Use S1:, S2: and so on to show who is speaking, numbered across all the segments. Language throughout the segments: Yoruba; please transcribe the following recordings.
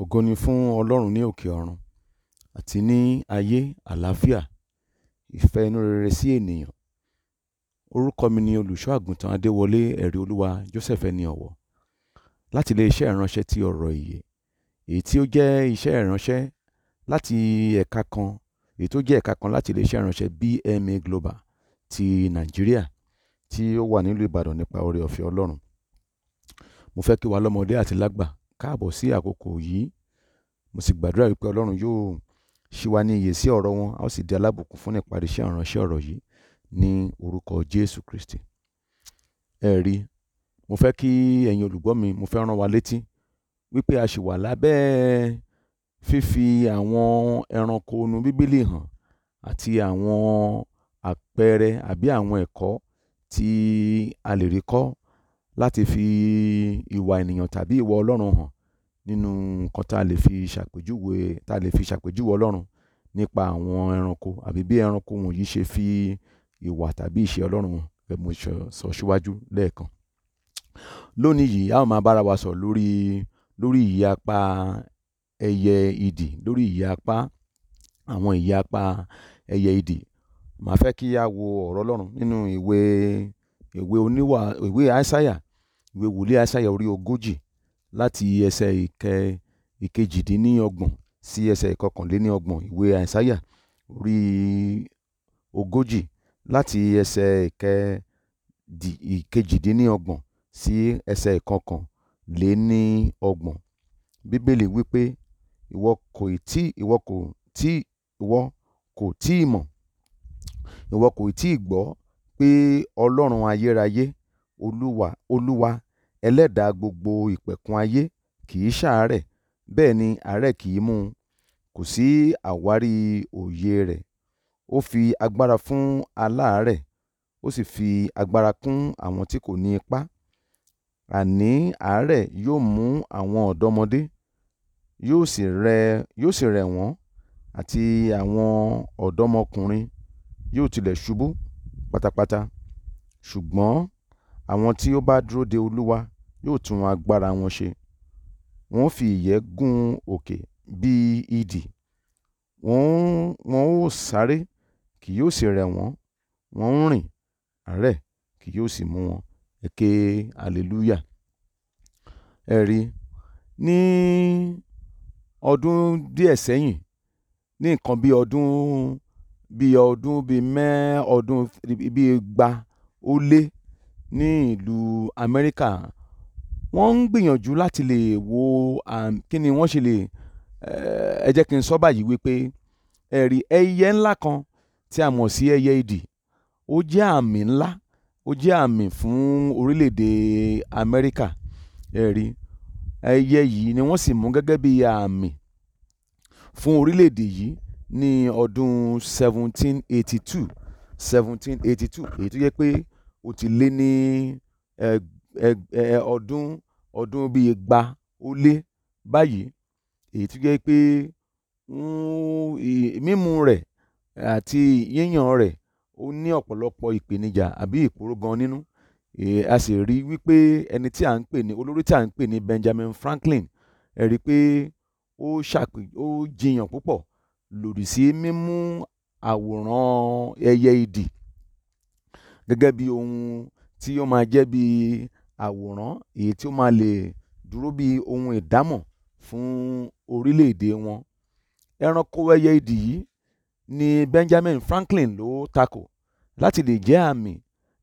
S1: ògo ni fún Ọlọ́run ní òkè ọ̀run àti ní ayé àlàáfíà ìfẹ́ inú rere sí ènìyàn orúkọ mi ni olùṣọ́ àgùntàn Adéwọlé ẹ̀rí olúwa Joseph ẹni ọ̀wọ̀ láti ilé iṣẹ́ ìránṣẹ́ ti ọ̀rọ̀ ìyè èyí tí ó jẹ́ iṣẹ́ ìránṣẹ́ láti ẹ̀ka kan èyí tó jẹ́ ẹ̀ka kan láti ilé iṣẹ́ ìránṣẹ́ BMA Global ti Nàìjíríà tí ó wà nílùú Ìbàdàn nípa oore ọ̀fẹ́ Ọlọ́run mo fẹ́ kí wa lọ́mọdé àti lágbà káàbọ̀ sí àkókò yìí mo sì gbàdúrà wípé ọlọ́run yóò ṣí wa ní iyè sí ọ̀rọ̀ wọn a ó sì di alábùkún fún ìparí iṣẹ́ ìránṣẹ́ ọ̀rọ̀ yìí ní orúkọ jésù kristi ẹ rí mo fẹ́ kí ẹ̀yin olùgbọ́ mi mo fẹ́ rán wa létí wípé a ṣì wà lábẹ́ fífi àwọn ẹranko inú bíbélì hàn àti àwọn àpẹẹrẹ àbí àwọn ẹ̀kọ́ tí a lè rí kọ́ láti fi ìwà ènìyàn tàbí ìwà Ọlọ́run hàn nínú nǹkan tá a lè fi ṣàpèjúwe tá a lè fi ṣàpèjúwe Ọlọ́run nípa àwọn ẹranko àbí bí ẹranko wọ̀nyí ṣe fi ìwà tàbí ìṣe Ọlọ́run hàn gẹ́gẹ́ bí mo ṣe sọ síwájú lẹ́ẹ̀kan. Lónìí yìí a ó máa bára wa sọ̀rọ̀ lórí lórí ìyẹ́ apá ẹyẹ idì lórí ìyẹ́ àwọn ìyẹ́ ẹyẹ idì. Màá fẹ́ kí a wo ọ̀rọ̀ Ọlọ́run nínú ìwé ìwé oníwà ìwé Aísáyà ìwé wòlíì aísáyà orí ogójì láti ẹsẹ̀ ìkẹ ìkejìdínlọ́gbọ̀n sí ẹsẹ̀ ìkọkànlélọ́gbọ̀n ìwé aísáyà orí ogójì láti ẹsẹ̀ ìkẹ ìkejìdínlọ́gbọ̀n sí ẹsẹ̀ ìkọkànlélọ́gbọ̀n bíbélì wípé ìwọ kò tí ìwọ kò tí ìwọ kò tí ì mọ̀ ìwọ kò tí ì gbọ́ pé ọlọ́run ayérayé olúwa olúwa ẹlẹ́dàá gbogbo ìpẹ̀kun ayé kì í ṣàárẹ̀ bẹ́ẹ̀ ni àárẹ̀ kì í mú un kò sí àwárí òye rẹ̀ ó fi agbára fún aláàárẹ̀ ó sì fi agbára kún àwọn tí kò ní ipá àní àárẹ̀ yóò mú àwọn ọ̀dọ́mọdé yóò sì rẹ̀ wọ́n àti àwọn ọ̀dọ́mọkùnrin yóò tilẹ̀ ṣubú pátápátá ṣùgbọ́n àwọn tí ó bá dúró de olúwa yóò tún agbára wọn ṣe wọn ó fi ìyẹ́ gun òkè bíi idì wọn ó sáré kì yóò sì rẹ̀ wọ́n wọn ó rìn àárẹ̀ kì yóò sì mú wọn ẹ ké hallelujah ẹ rí ní ọdún díẹ̀ sẹ́yìn ní nǹkan bí ọdún bí ọdún bí mẹ́ ọdún bí igba ó lé ní ìlú amẹ́ríkà wọ́n ń gbìyànjú láti lè wo um, kí ni wọ́n ṣe lè eh, ẹ jẹ́ kí n sọ báyìí wípé ẹ̀rí ẹyẹ ńlá kan tí a mọ̀ sí ẹyẹ idì ó jẹ́ àmì ńlá ó jẹ́ àmì fún orílẹ̀-èdè Amẹ́ríkà ẹ̀rí ẹyẹ yìí ni wọ́n sì mú gẹ́gẹ́ bí àmì fún orílẹ̀-èdè yìí ní ọdún 1782 1782 èyí tó jẹ́ pé ó ti lé ní ọdún ọdún bíi igba ó lé báyìí èyí tó jẹ́ pé mímu rẹ̀ àti yíyàn rẹ̀ ó ní ọ̀pọ̀lọpọ̀ ìpèníjà àbí ìpòró gan nínú a sì rí wípé ẹni tí à ń pè ní olórí tí à ń pè ní Benjamin Franklin ẹ rí i pé ó ṣàpè ó jiyàn púpọ̀ lòdì sí mímú àwòrán ẹyẹ idì gẹ́gẹ́ bí ohun tí ó máa jẹ́ bí àwòrán èyí tí ó máa lè dúró bí ohun ìdámọ̀ fún orílẹ̀-èdè wọn. ẹranko ẹyẹ idì yìí ni benjamin franklin ló tako láti lè jẹ́ àmì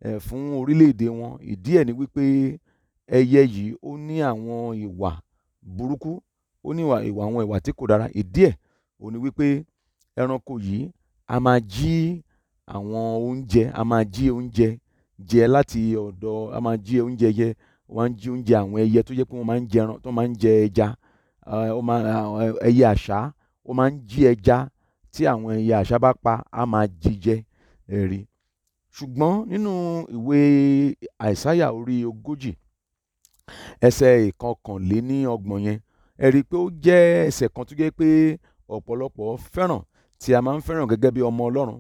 S1: um fún orílẹ̀-èdè wọn ìdí ẹ̀ ni wípé ẹyẹ yìí ó ní àwọn ìwà burúkú ó ní ìwà ìwà àwọn ìwà tí kò dára ìdí ẹ̀ òhun ni wípé ẹranko yìí a máa jí àwọn oúnjẹ a máa jí oúnjẹ jẹ láti ọ̀dọ̀ a máa jí oúnjẹ yẹ wọ́n á jí oúnjẹ àwọn ẹyẹ tó jẹ́ pé wọ́n máa ń jẹran tó máa ń jẹ ẹja ẹyẹ àṣá ó máa ń jí ẹja tí àwọn ẹyẹ àṣá bá pa á máa jíjẹ ẹ̀rí ṣùgbọ́n nínú ìwé àìsáyà orí ogójì ẹsẹ̀ ìkọkànléníọgbọ̀n yẹn ẹ rí i pé ó jẹ́ ẹsẹ̀ kan tó jẹ́ pé ọ̀pọ̀lọpọ̀ fẹ́ràn tí a máa ń fẹ́ràn gẹ́gẹ́ bí ọmọ ọlọ́run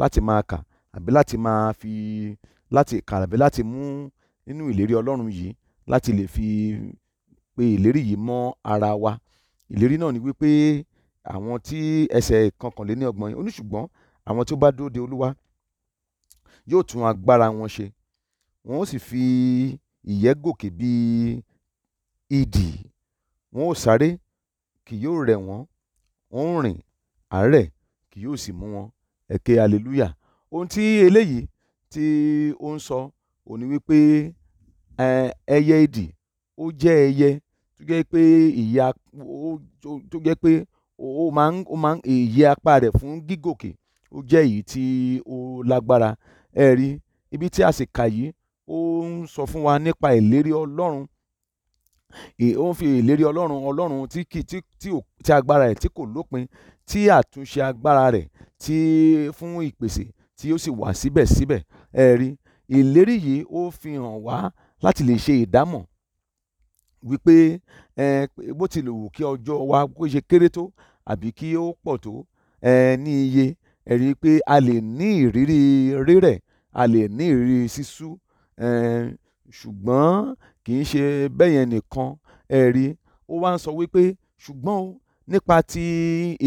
S1: láti máa kà àbí láti máa fi láti kà àbí láti mú nínú ìlérí Ọlọ́run yìí láti lè fi pe ìlérí yìí mọ́ ara wa ìlérí náà ni wípé àwọn tí ẹsẹ̀ kọkànléníọgbọ̀n ó ní àwọn tí ó bá dúró Olúwa yóò tún agbára wọn ṣe wọn ó sì fi ìyẹ́ gòkè bíi idì wọn ó sáré kì yóò rẹ̀ wọ́n wọn ó rìn àárẹ̀ kì yóò sì mú wọn ẹ̀kẹ́ hallelujah ohun tí eléyìí tí ó ń sọ òhun ni wípé ẹyẹ idì ó jẹ́ ẹyẹ tó jẹ́ pé ìyẹ́ tó jẹ́ pé ó máa ń ó máa ń ìyẹ́ apá rẹ̀ fún gígòkè ó jẹ́ èyí tí ó lágbára ẹ rí ibi tí a sì kà yìí ó ń sọ fún wa nípa ìlérí ọlọ́run ó ń fi ìlérí ọlọ́run ọlọ́run tí kì tí tí ò tí agbára rẹ̀ tí kò lópin tí àtúnṣe agbára rẹ̀ tí fún ìpèsè tí ó sì wà síbẹ̀síbẹ̀ ẹ rí ìlérí yìí ó fi hàn wá láti lè ṣe ìdámọ̀ wípé bó ti lè wù kí ọjọ́ wa kó ṣe kéré tó àbí kí ó pọ̀ tó ẹ ní iye ẹ rí i pé a lè ní ìrírí rírẹ̀ a lè ní ìrírí sísú ẹ ṣùgbọ́n kì í ṣe bẹ́yẹn nìkan ẹ rí ó wá ń sọ wípé ṣùgbọ́n nípa ti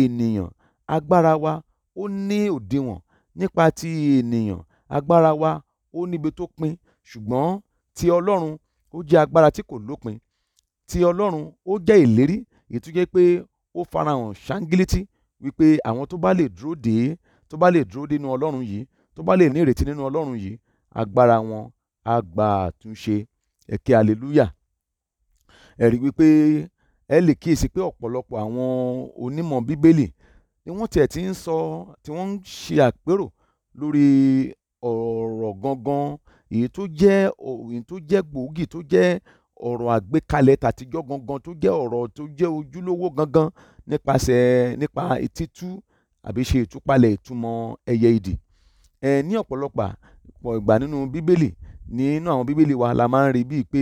S1: ènìyàn agbára wa ó ní òdiwọ̀n nípa ti ènìyàn agbára wa ò níbi tó pin ṣùgbọ́n ti ọlọ́run ó jẹ́ agbára tí kò lópin ti ọlọ́run ó jẹ́ ìlérí èyí tó jẹ́ pé ó farahàn ṣáńgílítì wípé àwọn tó bá lè dúró dé tó bá lè dúró dé nínú ọlọ́run yìí tó bá lè ní ìrètí nínú ọlọ́run yìí agbára wọn á gba àtúnṣe ẹ̀kẹ́ hallelujah ẹ̀rí wípé ẹ lè kíyèsí pé ọ̀pọ̀lọpọ̀ àwọn onímọ̀ bíbélì ni wọ́n tiẹ̀ ti ń sọ tí wọ́n ń ṣe àpérò lórí ọ̀rọ̀ gangan èyí tó jẹ́ èyí tó jẹ́ gbòógì tó jẹ́ ọ̀rọ̀ àgbékalẹ̀ tàtijọ́ gangan tó jẹ́ ọ̀rọ̀ tó jẹ́ ojúlówó gangan nípasẹ̀ nípa títú àbí ṣe ìtúpalẹ̀ ìtumọ̀ ẹyẹ idì ẹ ní ọ̀pọ̀lọpọ̀ pọ̀ ìgbà nínú bíbélì nínú àwọn bíbélì wa la máa ń rí bíi pé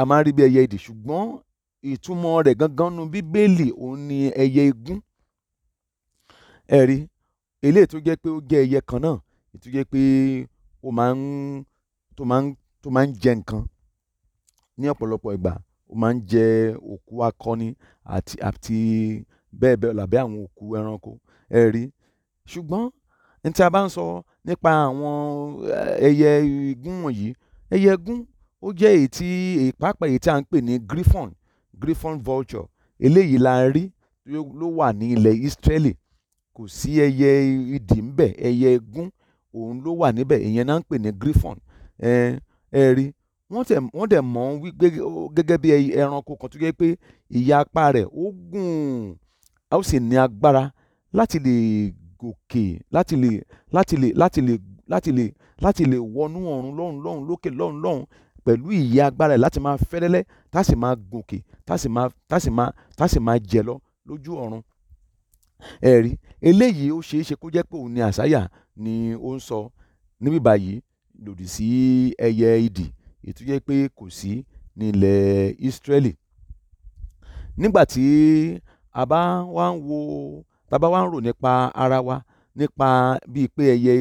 S1: a máa ń rí bí ẹyẹ idì ṣùgbọ́n ìtumọ̀ rẹ̀ gangan nínú bíbélì òun ni ẹyẹ igún ẹ rí eléyìí tó jẹ́ pé ó jẹ́ ẹyẹ kan náà èyí tó jẹ́ pé ó máa ń tó máa ń tó máa ń jẹ nǹkan ní ọ̀pọ̀lọpọ̀ ìgbà ó máa ń jẹ òkú akọni àti àti bẹ́ẹ̀ bẹ́ẹ̀ làbẹ́ àwọn òkú ẹranko ẹ rí ṣùgbọ́n ní tí a bá ń sọ nípa àwọn eh, ẹyẹ igún wọ̀nyí ẹyẹ igún ó jẹ́ èyí tí ìpápá èyí tí a ń pè ní griffon griffon vulture eléyìí la rí ló wà ní ilẹ̀ Ísírẹ́lì kò sí ẹyẹ idì ń bẹ̀ ẹyẹ igún òun ló wà níbẹ̀ ìyẹn náà ń pè ní griffon ẹ ẹ rí wọ́n tẹ̀ wọ́n dẹ̀ mọ̀ ọ́n gẹ́gẹ́ bí ẹranko kan tó yẹ pé ìyá apá rẹ̀ ó gùn a ó sì ní agbára láti lè gòkè láti lè láti lè láti lè láti lè láti lè wọnú ọ̀run lọ́hùn lọ́hùn lókè lọ́hùn lọ́hùn pẹ̀lú ìyá agbára ẹ̀ láti máa fẹ́lẹ́lẹ́ tá sì máa gòkè tá sì máa tá sì máa tá sì máa jẹ lọ lójú ọ̀run ẹ̀rí eléyìí ó ṣeé ṣe kó jẹ́ pé òun ni àṣàyà ni ó ń sọ níbí báyìí lòdì sí ẹyẹ idì ètò jẹ́ pé kò sí ní ilẹ̀ Ísírẹ́lì nígbà tí a bá wá ń wo bàbá wa ń rò nípa ara wa nípa bíi pé ẹyẹ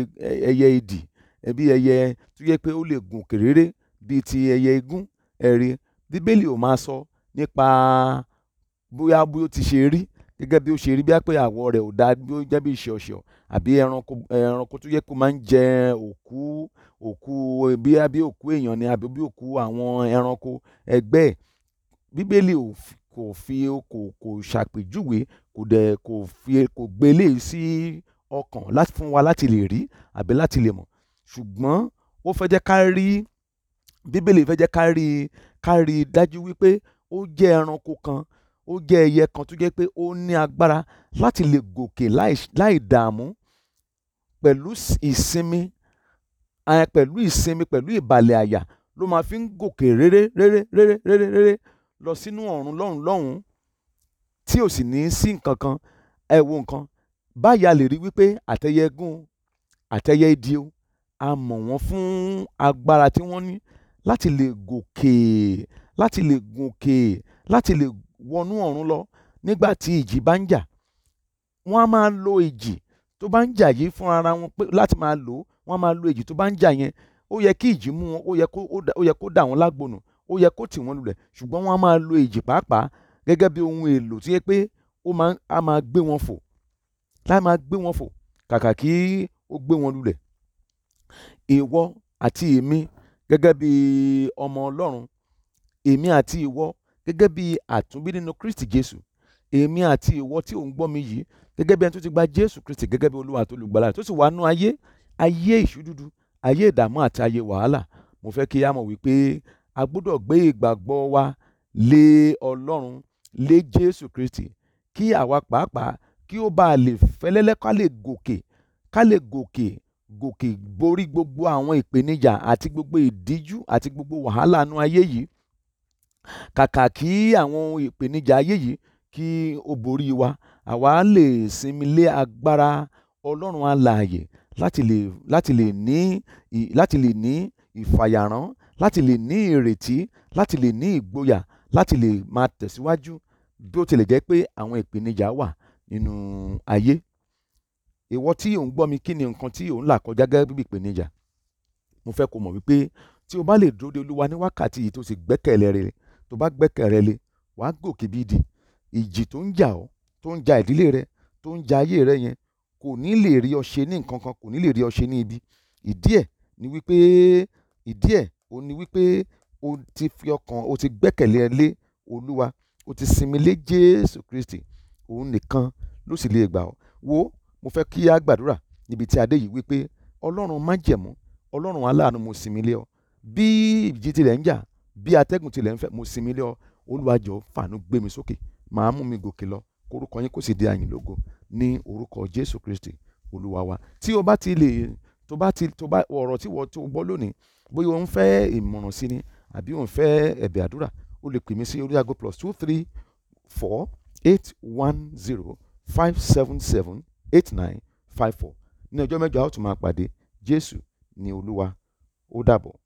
S1: ẹyẹ idì ẹbí ẹyẹ tó jẹ́ pé ó lè gùn kéréré bíi ti ẹyẹ igún ẹ̀rí bíbélì ò máa sọ nípa bóyá bóyá ti ṣe rí gẹ́gẹ́ bí ó ṣe rí bí pé àwọ̀ rẹ̀ ò dáa bí ó jẹ́ bí ìṣọ̀ṣọ̀ àbí ẹranko ẹranko tó yẹ kó máa ń jẹ òkú òkú bí àbí òkú èèyàn ni àbí bí òkú àwọn ẹranko ẹgbẹ́ ẹ̀ bíbélì kò fi kò kò ṣàpèjúwe kò dẹ̀ kò fi kò gbélé e sí ọkàn láti fún wa láti lè rí àbí láti lè mọ̀ ṣùgbọ́n ó fẹ́ jẹ́ ká rí bíbélì fẹ́ jẹ́ ká rí ká rí dájú wípé ó jẹ́ ẹranko kan ó jẹ́ ẹyẹ kan tó jẹ́ pé ó ní agbára láti lè gòkè láì dààmú pẹ̀lú ìsinmi eh, pẹ̀lú ìsinmi pẹ̀lú ìbàlẹ̀ àyà ló máa fi ń gòkè réré réré réré réré réré lọ sínú ọ̀run lọ́hùn lọ́hùn tí ò sì ní sí nǹkan kan ẹ wo nǹkan báyìí a lè rí wípé àtẹ̀yẹ gún àtẹ̀yẹ ìdíò a mọ̀ wọ́n fún agbára tí wọ́n ní láti lè gòkè láti lè gòkè láti lè gòkè wọnú ọ̀run lọ nígbà tí ìjì bá ń jà wọ́n á máa lo ìjì tó bá ń jà yìí fún ara wọn láti máa lò ó wọ́n á máa lo ìjì tó bá ń jà yẹn ó yẹ kí ìjì mú wọn ó yẹ kó dà wọ́n lágbónú ó yẹ kó tì wọ́n lulẹ̀ ṣùgbọ́n wọ́n á máa lo ìjì pàápàá gẹ́gẹ́ bí ohun èlò tí yẹ pé ó máa á máa gbé wọn fò láì máa gbé wọn fò kàkà kí ó gbé wọn lulẹ̀ ìwọ àti èmi gẹ́gẹ́ bí ọmọ Ọlọ́run èmi àti ìwọ gẹ́gẹ́ bí àtúnbí nínú Kristi Jésù èmi àti ìwọ tí ò ń gbọ́ mi yìí gẹ́gẹ́ bí ẹni tó ti gba Jésù Kristi gẹ́gẹ́ bí Olúwa àti olùgbàlà tó sì wà nú ayé ayé ìṣúdúdú ayé ìdààmú àti ayé wàhálà mo fẹ́ kí a wípé a gbọ́dọ̀ gbé ìgbàgbọ́ wa lé Ọlọ́run lé Jésù Kristi kí àwa pàápàá kí ó bá a lè fẹ́lẹ́lẹ́ ká lè gòkè ká lè gòkè gòkè borí gbogbo àwọn ìpèníjà àti gbogbo ìdíjú àti gbogbo wàhálà nú ayé yìí kàkà kí àwọn ohun ìpèníjà ayé yìí kí ó borí wa àwa lè sinmi lé agbára ọlọ́run alààyè láti lè láti lè ní láti lè ní ìfàyàrán láti lè ní ìrètí láti lè ní ìgboyà láti lè máa tẹ̀síwájú bí ó tilẹ̀ jẹ́ pé àwọn ìpèníjà wà nínú ayé ìwọ tí ò gbọ́ mi kí ni nǹkan tí ò ń là kọjá gẹ́gẹ́ bí ìpèníjà mo fẹ́ kó mọ̀ wípé tí o bá lè dúró de olúwa ní wákàtí yìí tó sì gbẹ́kẹ̀lé rere tó bá gbẹ́kẹ̀ rẹ lé wàá gòkè bí di ìjì tó ń jà ọ́ tó ń ja ìdílé rẹ tó ń ja ayé rẹ yẹn kò ní lè rí ọ ṣe ní nǹkan kan kò ní lè rí ọ ṣe ní ibi ìdí ẹ̀ ni wípé ìdí ẹ̀ o ni wípé o ti fi ọkàn o ti gbẹ́kẹ̀lé ẹ lé olúwa o ti sinmi lé jésù kristi òun nìkan ló sì lè gbà ọ́ wo mo fẹ́ kí a gbàdúrà níbi tí adé yìí wípé ọlọ́run májẹ̀mú ọlọ́run aláàánú mo sinmi lé ọ bí ìjì tirẹ̀ ń jà bí atẹ́gùn tilẹ̀ ń fẹ́ mo sinmi lé ọ Olúwa jọ̀ọ́ fàánú gbé mi sókè màá mú mi gòkè lọ kórúkọ yín kò sì di àyìn lógo ní orúkọ Jésù Kristi Olúwa wa tí o bá ti lè tó bá ti tó bá ọ̀rọ̀ tí wọ́n tó gbọ́ lónìí bóyá o ń fẹ́ ìmọ̀ràn sí ni àbí o ń fẹ́ ẹ̀bẹ̀ àdúrà o lè pè mí sí orí plus two three four eight one zero five seven seven eight nine five four ní ọjọ́ mẹ́jọ a ó tún máa pàdé Jésù ni Olúwa ó dàbọ̀.